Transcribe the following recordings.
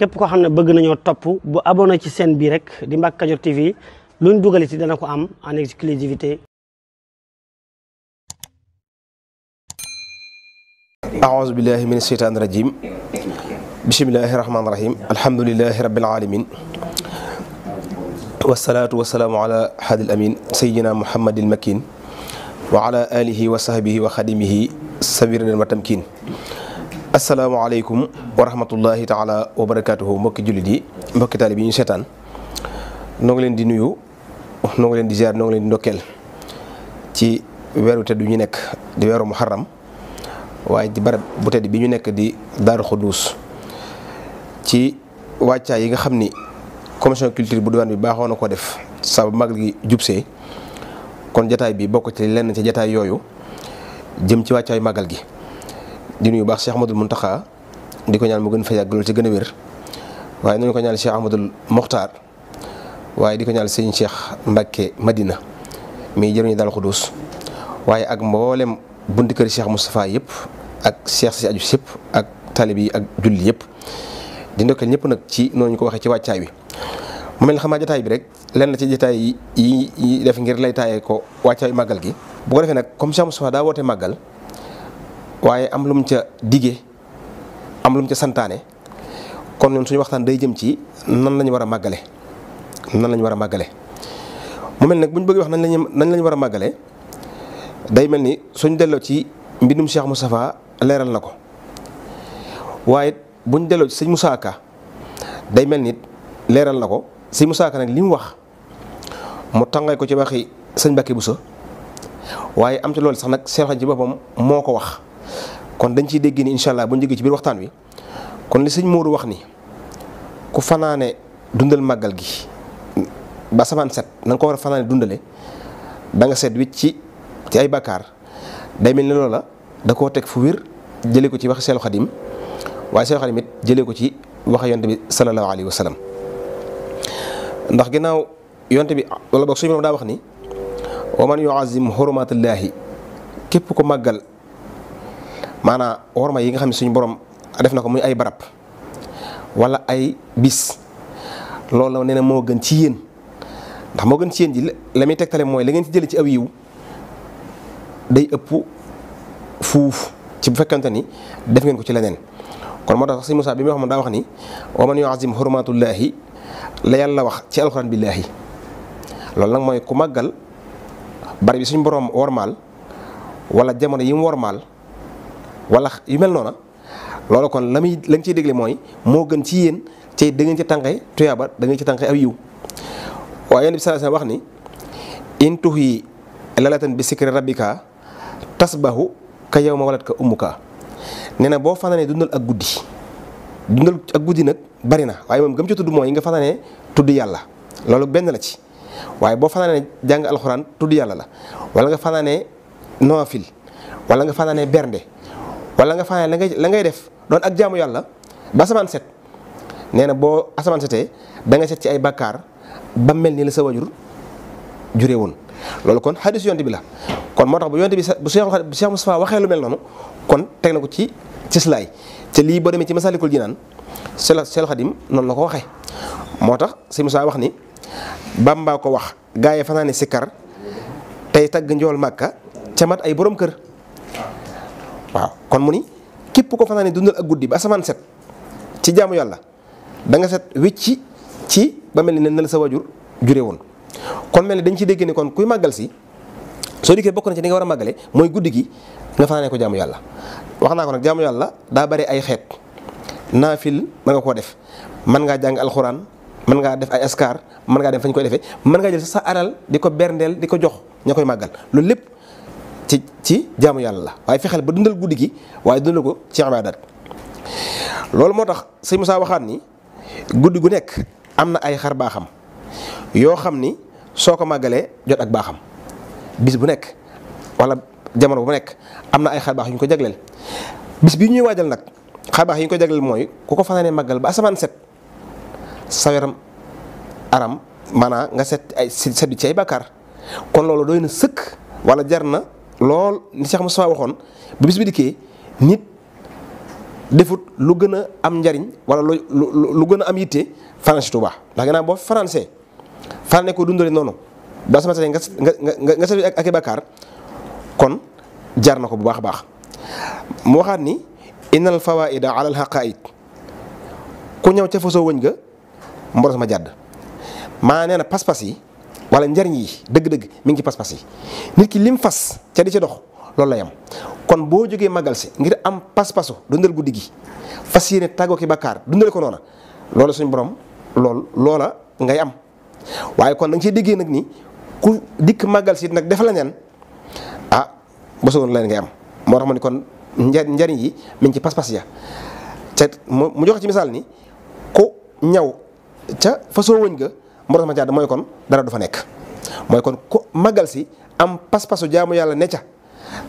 képp koo xam ne bëgg nañoo topp bu abonné ci chaîne bii rek di Mbacke Kadior TV luñ dugal ci dana ko am exclusivité aouzu rajim bismillahi rahmaani rahim alhamdulilahi rabbil alamin amin sayidina muhammadil makin wa ala alihi wa sahbihi wa tamkin asalaamaaleykum wa rahmatullahi taala wa barakaatuhu mbokki jullit yi mbokki taalib yi ñu seetaan noo ngi leen di nuyu noo ngi leen di ziar noo leen di ndokkeel ci weeru tedd bi ñu nekk di weeru muharram waaye di barab bu tedd bi ñu nekk di Daaru Xuduus ci wàccaay yi nga xam ni commission culture bu diwaan bi baaxoon na ko def saa bu magal gi jubsee kon jataay bi bokk ci lenn ci jataay yooyu jëm ci wàccaay magal gi. di yu baax Cheikh Ahmadul Muntaxa di ko ñaal mu gën fa yàgg loolu ci gën a wér waaye nañu ko ñaan Cheikh Ahmadul Mokhtar waaye di ko ñaan sëñ Cheikh Mbacke Madina mi jëriñu daal xudus waaye ak mboolem bunti kër Cheikh Moustapha yëpp ak Cheikh si aju yëpp ak talib yi ak julli yëpp di ndokkeel ñëpp nag ci noonu ñu ko waxee ci wàccaay wi. mu mel ne xam bi rek lenn ci jotaay yi yi def ngir lay taayee ko wàccaayu màggal gi bu ko defee nag comme Cheikh Moustapha daa woote màggal. waaye am lu mu ca digee am lu ca santaane kon ñun suñu waxtaan day jëm ci nan lañu ñu war a màggale nan la ñu war a màggale mu mel nag buñ ñu bëgg wax nañ lañu nañ la ñu war a màggale day mel ni suñ delloo ci mbindum Cheikh Moustapha leeral na ko waaye buñ delloo ci sëñ Moussa Ka day mel ni leeral na ko sëñ Moussa nag li mu wax mu tàngaay ko ci waxi sëñ Mbacke Bousso waaye am ci loolu sax nag Cheikh ci boppam moo ko wax kon dañ ciy déggee ni incha allah bu ñu jógee ci biir waxtaan wi kon li sëñ Modou wax ni ku fanaane dundal màggal gi ba samaan set na nga ko war a fanaane dundale danga nga set wicc ci ci ay bakkaar day mel ni loola da koo teg fu wér jëlee ko ci wax Seelu Xadim waaye Seelu Xadim it jëlee ko ci wax yonte bi sallallahu alayhi wa ndax ginnaaw yonte bi wala boog suñu borom daa wax ni wa man yuazim hurumatullahi képp ko màggal maanaam worma yi nga xam ne suñu borom def na ko muy ay barab wala ay bis loolu la nee moo gën ci yéen ndax moo gën ci yéen ji la muy tegtale mooy la ngeen ci jëlee ci aw yiw day ëpp fuuf ci bu fekkante ni def ngeen ko ci leneen kon moo tax si Moussa bi muy wax moom daa wax ni wa man yuazim hurmatullahi la yàlla wax ci alxuraan billahi loolu nag mooy ku màggal bari bi suñu borom wormaal walla jamono yi mu wormaal wala yu mel noona loolu kon la muy lañ ciy dégle mooy moo gën ci yéen te da ngeen ci tànqe tuyaaba da ngeen ci tànqe aw yiw waaye yonent bi sallallahu alayhi wasallam wax ni in tuhi lalatan bi sikri rabbika tasbahu ka yawma walatka ummuka nee na boo fanaanee dundal ak guddi dundal ak guddi nag bari na waaye moom gëm ci tudd mooy nga fanaanee tudd yàlla loolu benn la ci waaye boo fanaanee jàng alxuraan tudd yàlla la wala nga fanaanee noofil wala nga fanaanee bernde wala nga fanaane la ngay la ngay def doon ak jaamu yàlla ba asamaan set nee na boo asamaan setee da nga set ci ay bakkaar ba mel ni la sa wajur juree woon loolu kon xadis yonte bi la kon moo tax bu yonte bi bu Cheikh Moustapha waxee lu mel noonu kon teg na ko ci cislaay te lii boo demee ci ji jinaan sel sel xadim noonu la ko waxee moo tax si Moussa wax ni Bàmbaa ko wax gaa yi fanaane sikkar tey tagg njool màkka ca mat ay boroom kër waaw kon mu ni képp ko fanaane dundal ak guddi ba asamaan set ci jaamu yàlla da nga set wecci ci ba mel ni ne la sa wajur jure woon kon mel ni dañ ci dégg ni kon kuy màggal si soo dikkee bokk na ci li nga war a màggale mooy guddi gi nga fanaane ko jaamu yàlla wax naa ko nag jaamu yàlla daa bari ay xeet naafil mën nga koo def mën ngaa jàng alxuraan mën ngaa def ay askar mën ngaa dem fañ koy defee mën ngaa jël sa alal di ko berndeel di ko jox ña koy màggal loolu ci ci jaamu yàlla la waaye fexeel ba dundal guddi gi waaye dundal ko ci ibaadaat moo tax sëñ Moussa ni guddi gu nekk am na ay xar yoo xam ni soo ko màggalee jot ak baaxam bis bu nekk wala jamono bu nekk am na ay xar ñu ko jagleel. bis bi ñuy waajal nag xar baax ko jagleel mooy ku ko fanaanee màggal ba asamaan set sa yaram aram maanaa nga set ay seddu ci ay bàkkaar kon loolu doy na sëkk wala jar na. lool ni Cheikh Moustapha waxoon bu bis bi dikkee nit defut lu gën a am njariñ wala lu lu gën a am yitte fanaan si Touba ndax gannaaw boo fanaanee fanaanee ko dundale noonu ba sama tane nga nga nga sori ak i bakkaar kon jaar na ko bu baax a baax mu waxaat ni innal fawaida ala alxaqaid ku ñëw ca fasoo wëñ ga mboros ma jàdd maa nee na pas-pas yi wala njariñ yi dëgg-dëgg mi ngi ci pas-pas yi nit ki lim fas ca di ci dox loolu lay am kon boo jógee màggal si ngir am pas-pasu dundal guddi gi fas yéene tàggoo ki bakkaar dundale ko noona loolu suñu borom loolu loola ngay am waaye kon da nga déggee nag ni ku dikk màggal si nag defal la neen ah basoon leen ngay am moo tax ma ni kon njariñ yi mi ngi ci pas-pas ya ca mu joxe ci misaal ni ku ñaw ca fasoo wëñ ga moo tax ma jaada mooy kon dara du nekk mooy kon ku màggal si am pas-pasu jaamu yàlla ne ca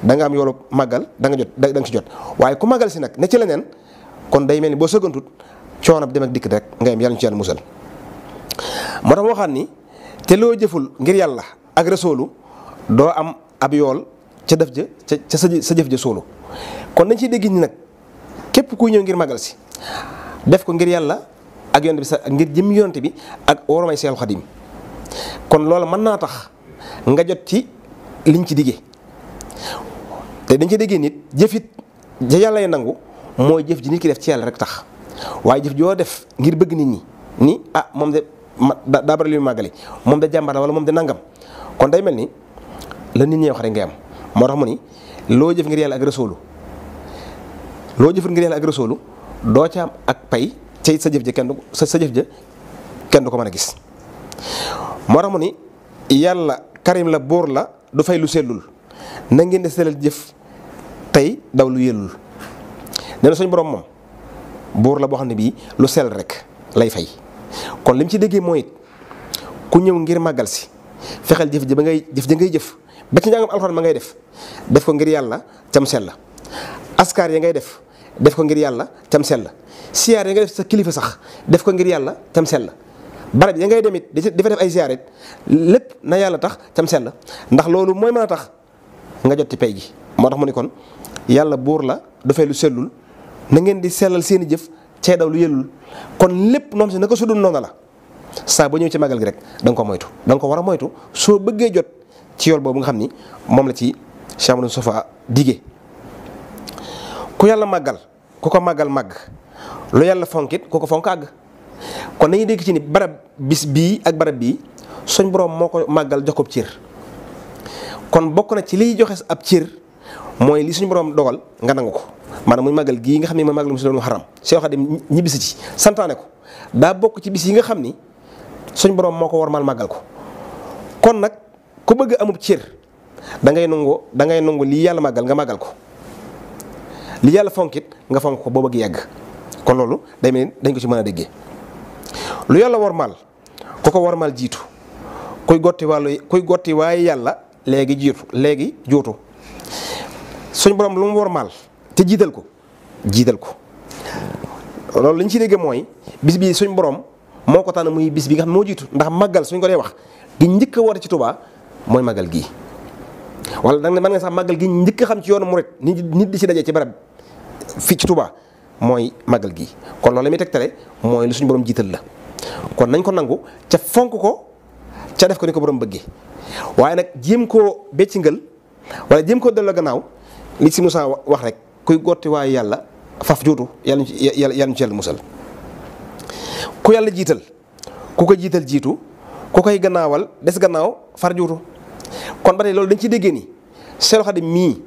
da am yoolu màggal da jot da nga ci jot waaye ku màggal si nag ne ci leneen kon day mel ni boo sëgantut coono bi dem ak rek nga yem yàlla ñu ci yàlla musal ni te loo jëful ngir yàlla ak rasoolu doo am ab yool ca def ja ca sa jëf ja soolu kon dañ ci dégg ni nag képp kuy ñëw ngir màggal si def ko ngir yàlla ak yonte bi sa ngir jëm yonte bi ak woromay Seexul Xadim kon loolu mën naa tax nga jot ci liñ ci diggee te dañ ci déggee nit jëfit ja yàlla yi nangu mooy jëf ji nit ki def ci yàlla rek tax waaye jëf joo def ngir bëgg nit ñi ni ah moom de daa bari lu màggale moom de jàmbar la wala moom de nangam kon day mel ni la nit ñi wax ngay am moo tax mu ni loo jëf ngir yàlla ak rasoolu loo jëfut ngir yàlla ak rasoolu doo ca am ak pay te it sa jëf ja kenn du sa jëf ja kenn du ko mën a gis moo tax mu ni yàlla karim la buur la du fay lu sellul na ngeen di sellal jëf tey daw lu yellul nee na suñu borom moom buur la boo xam ne bii lu sell rek lay fay kon li mu ci déggee mooy it ku ñëw ngir màggal si fexeel jëf ji ba ngay jëf ja ngay jëf ba ci njàngam alxuraan ma ngay def def ko ngir yàlla cam sell askar ya ngay def def ko ngir yàlla tam sell siyaare nga def sa kilifa sax def ko ngir yàlla tam sell barab ya ngay dem di fa def ay siyaare lépp na yàlla tax tam sell ndax loolu mooy mën a tax nga jot ci pay gi moo tax mu ni kon yàlla buur la du fay lu sellul na ngeen di sellal seen i jëf cee daw lu yellul kon lépp noom si na ko sudul noonu la saa ba ñëw ci magal gi rek da nga ko moytu da nga ko war a moytu soo bëggee jot ci yool boobu nga xam ni moom la ci Cheikh Amadou Sofa digee ku yàlla màggal ku ko màggal màgg lu yàlla fonkit ku ko fonk àgg kon nañu dégg ci ni barab bis bii ak barab bii suñ borom moo ko màggal jox ko ab cër kon bokk na ci liy joxe ab cër mooy li suñu borom dogal nga nangu ko maanaam muy màggal gii nga xam ne ma màggal mu si doon xaram Seex Xaadim ñibbisi ci santaane ko daa bokk ci bis yi nga xam ni suñ borom moo ko warmal màggal ko kon nag ku bëgg amub cër dangay ngay nangoo da ngay lii yàlla màggal nga màggal ko. li yàlla fonkit nga fonk ko booba bëgg yàgg kon loolu day dañ ko ci mën a déggee lu yàlla wormaal ku ko wormaal jiitu kuy gotti wàllu gotti waaye yàlla léegi jiitu léegi juutu suñ borom lu mu wormaal te jiital ko jiital ko loolu li ñu ci dégg mooy bis bii suñ borom moo ko tànn muy bis bi nga xam moo jiitu ndax màggal suñ ko dee wax gi njëkk a woote ci tubaa mooy màggal gii. wala da nga man nga sax màggal gi njëkk a xam ci yoonu murit nit nit di ci daje ci barab fii ci tubaa mooy magal gi kon loolu la muy tegtale mooy lu suñ borom jiital la kon nañ ko nangu ca fonk ko ca def ko ni ko borom bëggee waaye nag jéem koo béccingal wala jéem koo delloo gannaaw li si Moussa wax rek kuy gotti yàlla faf juutu yàlla ñu ci yàlla musal ku yàlla jiital ku ko jiital jiitu ku koy gannaawal des gannaaw far juutu kon ba tey loolu dañ ciy déggee ni Seexul Xadiim mii.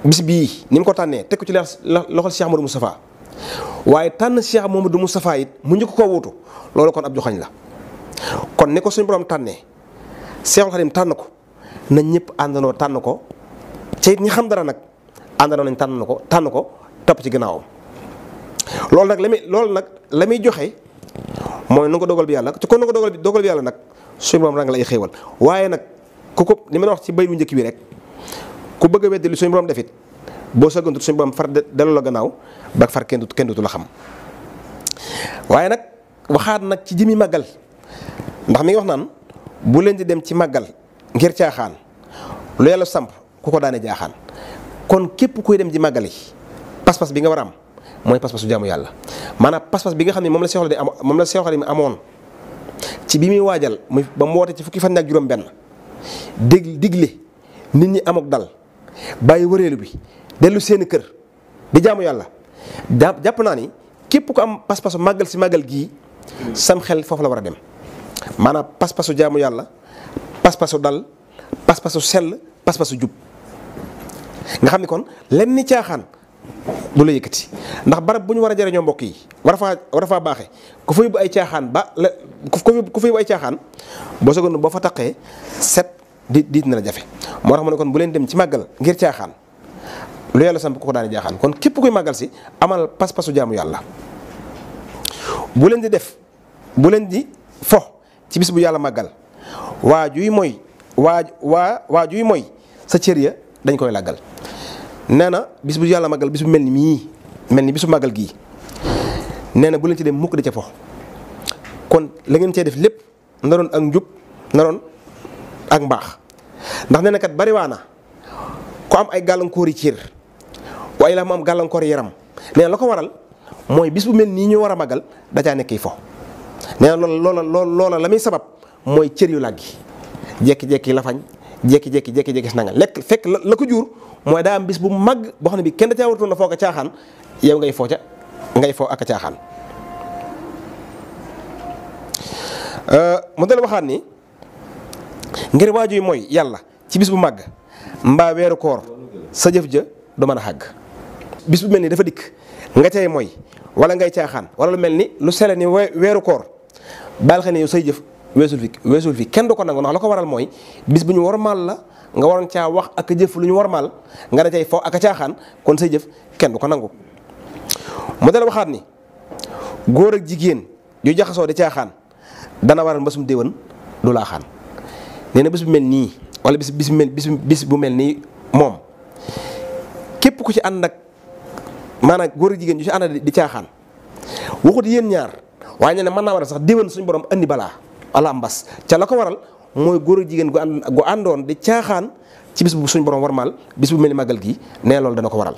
bis bii ni mu ko tànnee teg ko ci loxol Cheikh Amadou Moustapha waaye tànn Cheikh Amadou Moustapha it mu njëkk koo wuutu loolu kon ab joxañ la kon ni ko suñu borom tànnee Cheikhul Khadim tànn ko nañ ñëpp àndandoo tànn ko ca it ñi xam dara nag àndandoo nañ tànn ko tànn ko topp ci gannaawam. loolu nag la muy loolu nag la muy joxe mooy nu ko dogal bi yàlla ci kon nu ko dogal bi dogal yàlla nag suñu borom rang la ay xéewal waaye nag ku ko li ma wax ci bay bu njëkk bi rek. ku bëgg a weddi li suñu borom defit boo sëggantut suñu borom far delu la gannaaw ba far kenn dut kenn dutu la xam waaye nag waxaat nag ci ji muy màggal ndax mi ngi wax naan bu leen di dem ci màggal ngir caaxaan lu yàlla samp ku ko daane jaaxaan kon képp kuy dem ci màggal yi pas-pas bi nga war am mooy pas-pasu jaamu yàlla maanaam pas-pas bi nga xam ne moom la seexal di am moom la seexal mi amoon ci bi muy waajal muy ba mu woote ci fukki fan ak juróom benn dég digle nit ñi amuk dal bàyyi wëreelu bi dellu seeni kër di jaamu yàlla jàpp naa ni képp ku am pas-pasu màggal si màggal gii sam xel foofu la war a dem maanaam pas-pasu jaamu yàlla pas-pasu dal pas-pasu sell pas-pasu jub nga xam ni kon lenn ni caaxaan du la yëkkati ndax barab bu ñu war a jariñoo mbokk yi war a faa war a faa baaxee ku fa yóbbu ay caaxaan ba la ku fa yóbbu ay caaxaan boo sogoon boo fa taqee set di diit na la jafe moo tax mu ne kon bu leen dem ci màggal ngir caaxaan lu yàlla samp ko ko daane jaaxaan kon képp kuy màggal si amal pas-pasu jaamu yàlla bu leen di def bu leen di fo ci bis bu yàlla màggal waajuy mooy waa waa waajuy mooy sa cër ya dañ koy làggal nee na bis bu yàlla màggal bis bu mel ni mii mel ni bisu màggal gii nee na bu leen ci dem mukk di ca fo kon la ngeen cee def lépp naroon ak njub naroon ak mbaax ndax nee na bari waa na ku am ay gàllankoor yi ciir waaye la mu am gàllankoor yaram nee la ko waral mooy bis bu mel nii ñu war a magal da caa nekk fo nee na loola loola la muy sabab mooy cër yu làggi jékki-jékki la fañ jékki-jékki jékki nanga lekk fekk la ko jur mooy daa am bis bu mag boo xam ne bi kenn da caa wartoon na foo ko caaxaan yow ngay foo ca ngay foo ak a caaxaan euh, mu waxaat ni ngir yi mooy yàlla ci bis bu màgg mbaa weeru koor sa jëf ja du man a xàgg bis bu mel ni dafa dikk nga cay mooy wala ngay caaxaan wala lu mel ni lu sele ni weeru koor baal xel ne say jëf weesul fi weesul kenn du ko nangu ndax la ko waral mooy bis bu ñu warmaal la nga waroon caa wax ak jëf lu ñu warmaal nga da cay fo ak a kon say jëf kenn du ko nangu mu dal waxaat ni góor ak jigéen ju jaxasoo di caaxaan dana waral mbasum déwén du laaxaan nee bis bu mel nii wala bis bis bu bis bu mel nii moom képp ku ci ànd ak maanaam góor jigéen ñu ci di caaxaan waxut yéen ñaar waaye nee na mën naa war a sax déwén suñ borom andi balaa ala mbas ca la ko waral mooy góor jigéen gu ànd gu àndoon di caaxaan ci bis bu suñu borom warmaal bis bu mel ni màggal gii nee loolu dana ko waral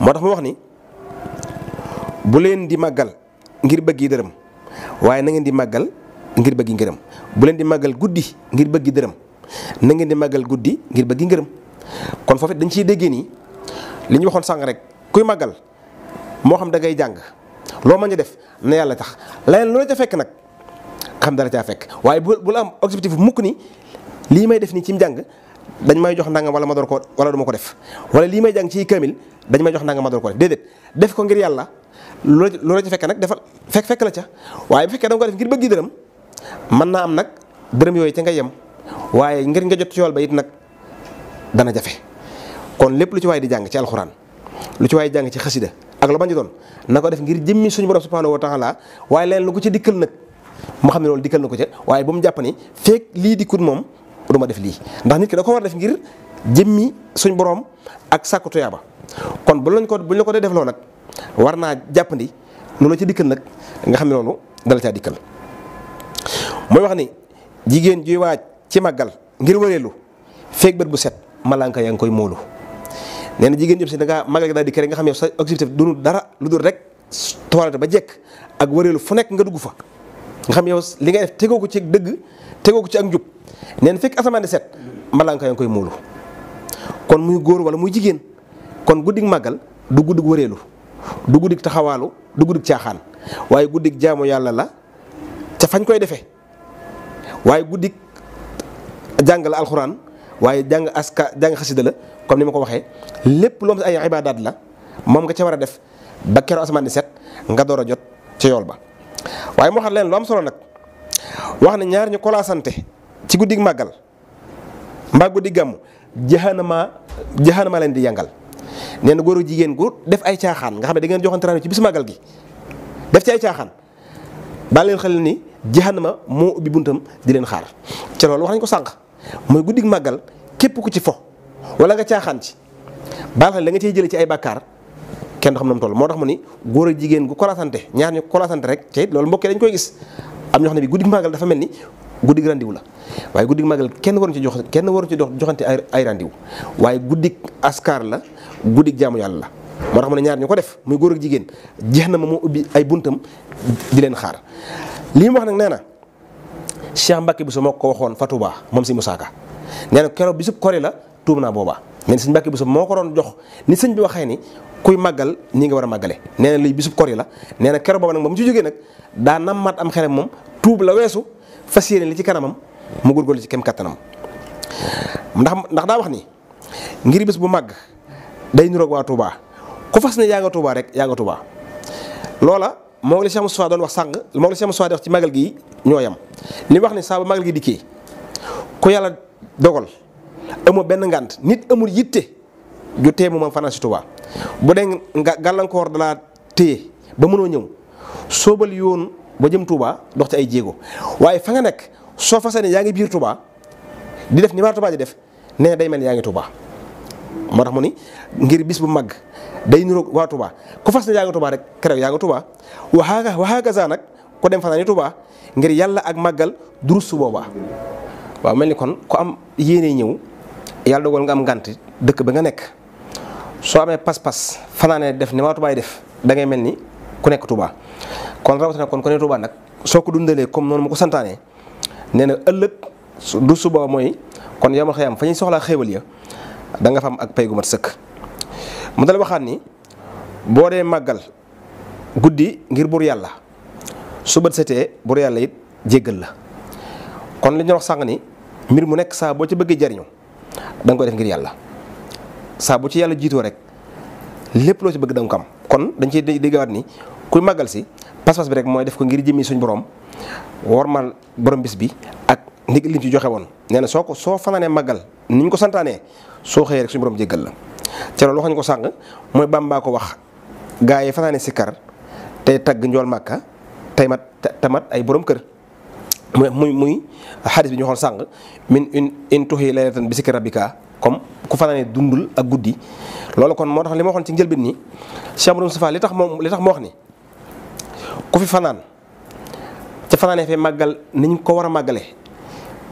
moo tax mu wax ni bu leen di màggal ngir bëgg yi dërëm waaye na ngeen di màggal. ngir bëgg ngërëm bu leen di màggal guddi ngir bëgg dërëm na ngeen di màggal guddi ngir bëgg ngërëm kon foofu dañ ciy déggee nii li ñu waxoon sàng rek kuy màggal moo xam da ngay jàng loo mën a def na yàlla tax leneen loo ca fekk nag xam dara caa fekk waaye bu bu la am objectif mukk ni lii may def nii ci njàng dañ may jox ndàngam wala ma door wala du ko def wala lii may jàng ci kamil dañ may jox ndàngam ma door ko def ko ngir yàlla loola loola ca fekk nag defal fekk fekk la ca waaye bu fekkee da nga ko def ngir bëgg dërëm mën naa am nag dërëm yooyu ca nga yem waaye ngir nga jot ci yool ba it nag dana jafe kon lépp lu ci waaye di jàng ci alxuraan lu ci waaye waay jàng ci xasida ak lu bañ di doon na ko def ngir jëmmi suñu borom subhanahu wa taala waaye leneen lu ko ci dikkal nag mu xam ne loolu dikkal na ko ca waaye bu mu ni feek lii dikkut moom du ma def lii ndax nit da ko war def ngir jëmmi suñ boroom ak sàkku tuyaaba kon bu lañ ko bu ñu la ko dee defloo nag war naa jàppandi nu la ci dikkal nag nga xam ne loolu dala caa dikkal mooy wax ni jigéen juy waaj ci màggal ngir wëreelu feeg bët bu set malaanka yaa ngi koy moolu nee na jigéen ñëpp si da ngaa màggal daal di kere nga xam ne sa activité du dara lu dul rek toilette ba jekk ak wëreelu fu nekk nga dugg fa. nga xam yow li ngay def tegoo ko ci dëgg tegoo ko ci ak njub nee na fekk asamaan set malanka yaa koy moolu kon muy góor wala muy jigéen kon guddig màggal du guddig wëreelu du guddig taxawaalu du guddig caaxaan waaye guddig jaamu yàlla la ca fañ koy defee. waaye guddik jàng la alxuraan waaye jàng aska jàng xasida la comme ni ma ko waxee lépp lu am ay ibaadaat la moom nga ca war a def ba keroog asamaan di set nga door a jot ca yool ba. waaye moo xam leen lu am solo nag wax ne ñaar ñu kolaasante ci guddig màggal mbaa guddi gàmm jahanama jahanama leen di yangal neen na góor jigéen góor def ay caaxaan nga xam ne da ngeen joxante ci bis màggal gi def ci ay caaxaan baal leen xel ni. ma moo ubbi buntam di leen xaar ca loolu wax nañ ko sànq mooy guddig màggal képp ku ci fo wala nga caaxaan ci baal xel la nga cey jëlee ci ay bàkkaar kenn du xam na mu toll moo tax mu ni góor a jigéen gu kolasante ñaar ñu kolasante rek te loolu mbokkee dañ koy gis am ñoo ne bi guddig dafa mel ni guddig randiw la waaye guddig màggal kenn waruñu ci jox kenn waruñu ci dox joxante ay ay randiw waaye guddig askar la guddig jaamu yàlla la moo tax ñaar ñu ko def muy góor ak jigéen jeex na ma moo ubbi ay buntam di leen xaar lii mu wax nag nee na Cheikh Mbacke Bousso moo ko waxoon fa Touba moom si Moussa Ka nee na keroog bisub kori la tuub naa boobaa nee na sëñ Mbacke Bousso moo ko doon jox ni sëñ bi waxee ni kuy màggal nii nga war a màggale nee na lii bisu kori la neena kero keroog booba nag moom si jógee nag daa nammaat am xelam moom tuub la weesu fas yéene li ci kanamam mu góorgóorlu ci kem kattanam ndax ndax daa wax ni ngir bis bu màgg day niroog waa Touba ku fas ne yaa nga Touba rek yaa moo ngi la Cheikh Moustapha doon wax sàng moo ngi la Cheikh Moustapha di wax magal gi ñoo yam li wax ne saa ba magal gi dikkee ku yàlla dogal amoo benn ngant nit amul yitte ju tee mu ma fanaan si Tuubaa bu dee nga gàllankoor dalaa téye ba mënoo ñëw soobal yoon ba jëm Touba dox ci ay jéego waaye fa nga nekk soo fas yéene yaa ngi biir Touba di def ni waa Touba di def nee day mel yaa ngi Touba. moo tax mu ni ngir bis bu màgg day niroog waa Touba ku fas ne yaa nga Touba rek keroog yaa nga Touba waxaaga waxaaga nag ku dem fanaani Touba ngir yàlla ak màggal durus su boobaa. waaw mel ni kon ku am yéene ñëw yàlla dogal nga am ngànt dëkk ba nga nekk soo amee pas-pas fanaanee def ni waa Touba def dangay mel ni ku nekk tubaa kon rawatina kon ku ne Touba nag soo ko dundalee comme noonu ma ko santaane nee na ëllëg durus su boobaa mooy kon yow ma xëy am fa ñuy soxlaa xéewal da nga fa am ak pay gu mat sëkk mu dal waxaat ni boo dee màggal guddi ngir buur yàlla su bët setee buur yàlla it jéggal la kon li ñu wax sànq ni mbir mu nekk saa boo ci bëggee jariñu da nga koy def ngir yàlla saa bu ci yàlla jiitoo rek lépp loo ci bëgg da nga kon dañ ciy déggawaat ni kuy màggal si pas bi rek mooy def ko ngir jimmi suñu borom wormal borom bis bi ak ndig lim ci joxe woon nee soo ko soo fanaanee màggal ni ñu ko santaanee soo xëyee rek suñu borom jéggal la ci loolu wax nañu ko sàng mooy Bàmbaa ko wax gaa yi fanaane sikkar tey tagg njool màkka tey mat tamat ay boroom kër muy muy muy xadis bi ñu waxoon sànq min in in tuxi laylatan bi sikki rabbika comme ku fanaane dundul ak guddi loolu kon moo tax li ma waxoon ci njëlbeen nii Cheikh Amadou li tax moom li tax moo wax ni ku fi fanaan ci fanaanee fee màggal ni ko war a màggale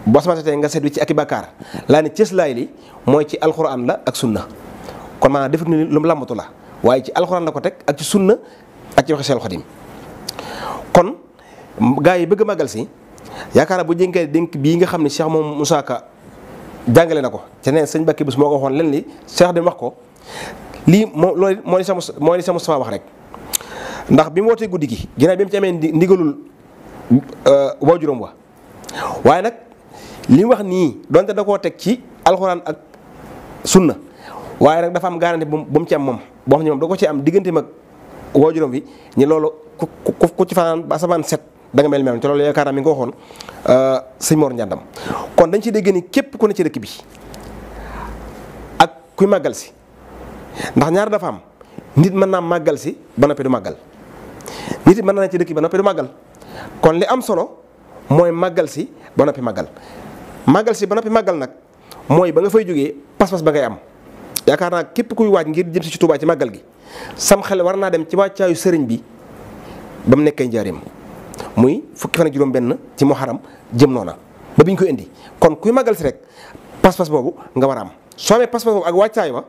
boo sama samatee nga seet wi ci ak i bakkaar laa ne li mooy ci alxuraan la ak sunna kon maanaam defut ni lu mu làmbatu la waaye ci alxuraan la ko teg ak ci sunna ak ci waxi Seexul Xadiim yi bëgg a si yaakaar bu jënkee dénk bii nga xam ne Cheikh moom Moussa jàngale na ko te sëñ Bakki moo ko waxoon leen li Cheikh di wax ko lii moo loolu moo ni sama moo ni sama Moustapha wax rek ndax bi mu wootee guddi gi ginnaaw bi mu ci amee ndigalul euh, waajuram wa waaye nag li wax nii donte da koo teg ci alxuraan ak sunna waaye nag dafa am garanti bu mu ci am moom boo xam ne moom da ko ci am diggante mag waajuram bi ñi loolu ku ku ku ci fanaan ba asamaan set da mel mel te loolu yaakaar naa mi euh, kon dañ ci dégg ni képp ku ci dëkk bi ak kuy màggal si ndax ñaar dafa am nit mën naa màggal si ba noppi du màggal nit mën naa ci dëkk ba noppi màggal kon li am solo mooy màggal si ba noppi màggal màggal si ba noppi màggal nag mooy ba nga fay jógee pas ba ngay am yaakaar naa képp kuy waaj ngir jëm si ci Tuubaa ci màggal gi sam xel war naa dem ci wàccaayu sëriñ bi ba mu nekkee njaareem muy fukki fan ak juróom-benn ci muharram jëm noona ba bi ñu ko indi kon kuy màggal si rek pas boobu nga war a am soo amee pas-pas boobu ak wàccaay wa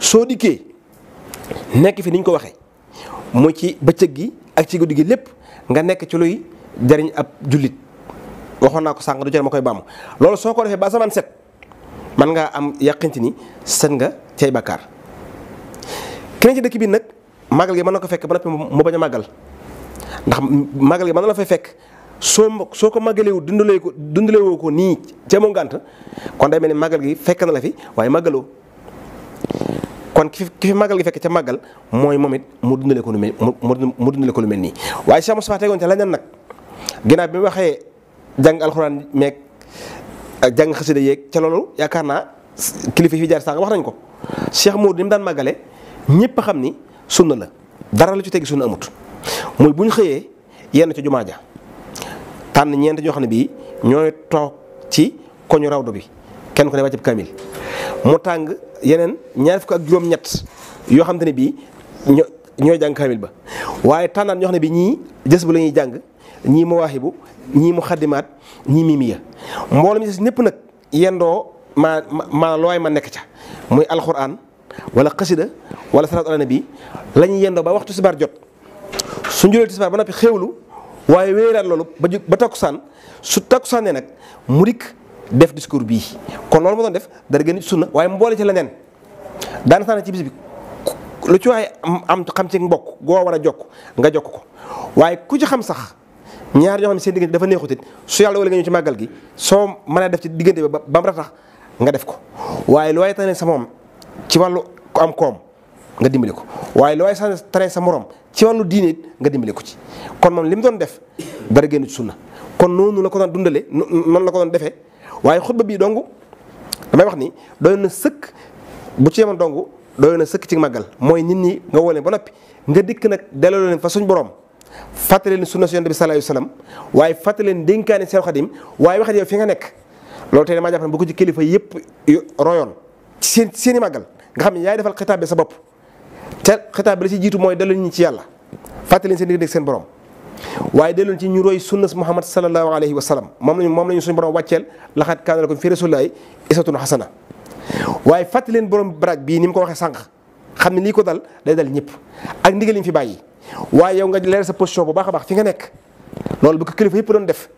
soo dikkee nekk fi ni ñu ko waxee mu ci bëccëg gi ak ci guddi gi lépp nga nekk ci luy jariñ ab jullit. waxoon naa ko sànq du jar ma koy bàmm loolu soo ko defee ba asamaan set man ngaa am yàqinti ni set nga cay bakkaar keneen ci dëkk bi nag màggal gi mën na ko fekk ba noppi mu bañ a màggal ndax màggal gi mën na la fay fekk soo soo ko màggalewul dundalee ko dundalee ko nii ca moom kon day mel ni màggal gi fekk na la fi waaye màggaloo kon ki fi ki fi màggal gi fekk ca màggal mooy moom it mu dundalee ko lu mel mu dundale ko lu mel nii waaye Cheikh Moustapha tegoon ca leneen nag ginnaaw bi mu waxee jàng alxuraan meeg ak jàng xasida yeeg ca loolu yaakaar naa kilifa yi fi jaar sànq wax nañ ko Cheikh Modou ni mu daan maggale ñëpp a xam ni sunna la dara la ci tegi sunna amut muy bu ñu xëyee yenn ca jumaa ja tànn ñeent ñoo xam ne bii ñooy ci koñu rawdu bi kenn ko ne mu tàng yeneen ñaar fukk yoo xam te ne bii ñoo ñooy jàng kaamil ba waaye tànnaat ñoo xam ne bii ñii jës bu la ñuy jàng ñii mawaahibu ñii mu xaddimaat ñii mi mboolem ñi ñëpp nag yendoo ma maa looy ma nekk ca muy alxuraan wala xasida wala salaatu ala nabi la ñuy yendoo ba waxtu sibaar jot su njulee tisbaar ba noppi xéewlu waaye wéeraat loolu ba ju ba takkusaan su takkusaan ne nag mu dikk def discours bii kon loolu ma doon def dara gën a sunna waaye mu boole ci leneen daan sànni ci bis bi lu ci waaye am xam ci mbokk goo war a jokk nga jokk ko waaye ku ci xam sax ñaar ñoo xam ne seen diggante dafa neexut it su yàlla wala nga ci màggal gi soo mën a def ci diggante ba ba mu ratax nga def ko waaye lu waaye tane sa moom ci wàllu ko am koom nga dimbali ko waaye lu sa tane sa morom ci wàllu diine nga dimbali ko ci kon moom li mu doon def dara génn ci sunna kon noonu la ko doon dundale noonu la ko doon defee waaye xut ba bii dong damay wax ni doy na sëkk bu ci yemoon dong doy na sëkk ci màggal mooy nit ñi nga woo ba noppi nga dikk nag delloo leen fa suñ borom fàttali leen sunna si yonent bi sallallahu waaye fàttali leen dénkaane Seex Xadim waaye waxat yow fi nga nekk loolu tey damaa jàpp ne bu ko kilifa yëpp royoon ci seen seen nga xam ne yaay defal xitaab bi sa bopp te xitaab la si jiitu mooy delloo ñu ci yàlla fàttali leen seen digg seen borom waaye delloo ci ñu roy sunnas Muhammad sallallahu alayhi wasallam moom lañu moom lañu suñu borom wàcceel laxaat kaana lakum fi rasuulillaahi uswatun hasana waaye fàttali leen borom barag bii ni mu ko waxee sànq xam ne lii ko dal day dal ñëpp ak ndigal yi fi bàyyi waaye yow nga leer sa position bu baax a baax fi nga nekk loolu bu ko kilifa yëpp doon def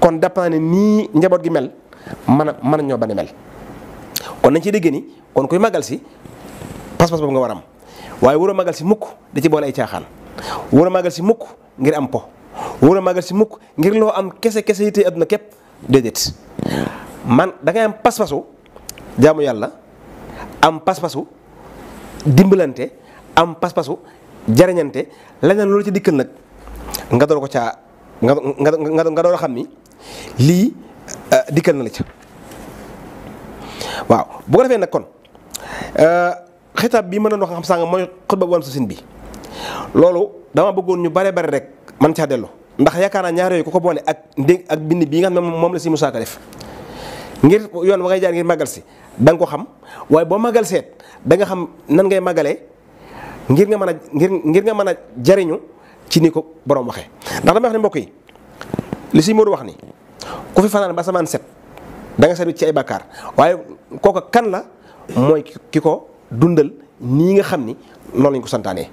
kon dàpp nii njaboot gi mel mën a mën ñoo bañ a mel. kon nañ ci dégg kon koy magal si pas-pas nga war am waaye war a si mukk da ci boole ay caaxaan war a si mukk ngir am po war a si mukk ngir loo am kese kese yi tey àdduna képp déedéet man da ngay am pas jaamu yàlla am pas-pasu dimbalante am pas jariñante leneen loolu ci dikkal nag nga door ko caa nga nga nga door a xam ni lii euh, dikkal na la ca waaw bu ko defee nag kon euh, xitaab bi mën doon wax xam sànq mooy xutba bu am susin bi loolu dama bëggoon ñu bare bare rek man caa dellu ndax yaakaar naa ñaar yooyu ku ko boole ak ndé bind bii nga xam ne moom la si Musaa Ka def ngir yoon wa ngay jaar ngir màggal si danga nga ko xam waaye boo màggal seet da nga xam nan ngay màggalee ngir nga mën a ngir ngir nga mën a jariñu ci ni ko borom waxee ndax dama wax ne mbokk yi li si Modou wax nii ku fi fanaan ba samaan set da nga seetlu ci ay bàkkaar waaye kooka kan la mooy ki ko dundal nii nga xam ni noonu lañ ko santaanee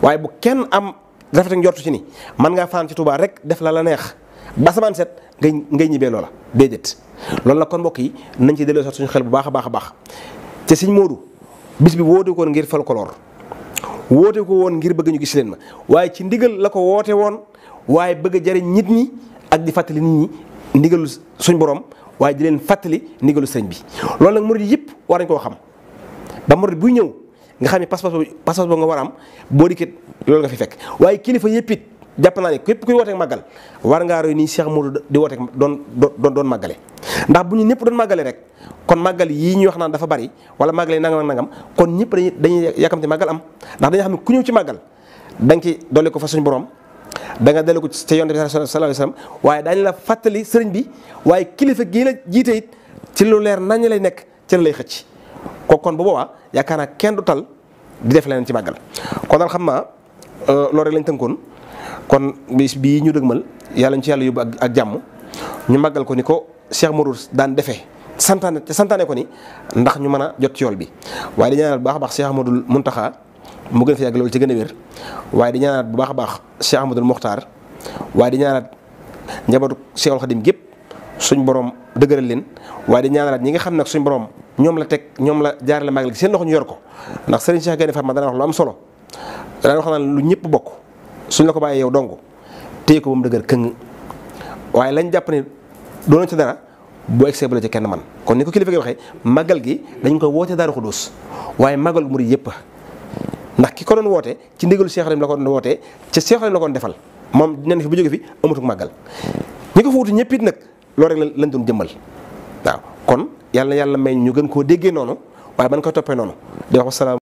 waaye bu kenn am rafet ak njortu ci ni man ngaa fanaan ci Tuubaa rek def la la neex ba samaan set ngay ngay ñibbee loola déedéet loolu la kon mbokk yi nañ ci delloo sax suñu xel bu baax a baax a baax te Sëñ Modou bis bi woote koon ngir folklore woote ko woon ngir bëgg ñu gis leen ma waaye ci ndigal la ko woote woon waaye bëgg jariñ nit ñi ak di fàttali nit ñi ndigalu suñ borom waaye di leen fàttali ndigalu sëñ bi loolu la murid yëpp war nañ koo xam ba murid buy ñëw nga xam ne pas-pas boobu pas-pas nga war am boo dikkee loolu nga fi fekk waaye kilifa yëpp it jàpp naa ku képp kuy wooteek maggal war ngaa roy nii Cheikh Modou di wooteek doon doon doon màggale ndax bu ñu ñëpp doon màggale rek kon màggal yii ñuy wax naan dafa bari wala yi nangam ak nangam kon ñëpp dañuy dañuy yàkkamti màggal am ndax dañuy xam ne ku ñëw ci màggal dañ nga ci ko fa suñu borom da nga dellu ko ci yonent bi sallallahu alayhi wasallam waaye daañu la fàttali sëriñ bi waaye kilifa gii la jiite it ci lu leer nañ lay nekk ci lay xëcc ko kon bu boobaa yaakaar naa kenn du tal di def leneen ci màggal kon daal xam naa euh, loolu rek lañ tënkoon kon bis bii ñu dëgmal yàlla ñu ci yàlla yóbbu ak ak jàmm ñu màggal ko ni ko Cheikh Mourou daan defee santaane te santaane ko ni ndax ñu mën a jot yool bi waaye di ñaanal bu baax a baax Cheikh Ahmadul Muntaxa mu gën fi yàgg loolu ci waaye di ñaanaat bu baax a baax Cheikh Ahmadul Mokhtar waaye di ñaanaat njabootu Cheikhul Khadim gépp suñ borom dëgëral leen waaye di ñaanalaat ñi nga xam nag suñ borom ñoom la teg ñoom la jaarale magal gi seen loxo ñu yor ko ndax Serigne Cheikh Gaïndé Fatma dana wax lu am solo dana wax naan lu ñëpp bokk suñ la ko bàyyee yow dong téye ko ba mu dëgër këng waaye lañ jàpp ne doon ci dara boo egsee bu la man kon ni ko kilifa gi waxee magal gi dañ ko woote Daaru Xudoos waaye magal murid yëpp ndax ki ko doon woote ci ndigalu Cheikh la ko doon wootee ca Cheikh Ibrahim la ko doon defal moom nen fi bu jóge fi amatuk màggal ñi ko fa wutu ñëpp it nag loolu rek lañ doon jëmmal waaw kon yàlla yàlla may ñu gën koo déggee noonu waaye man koy toppee noonu di wax wasalaam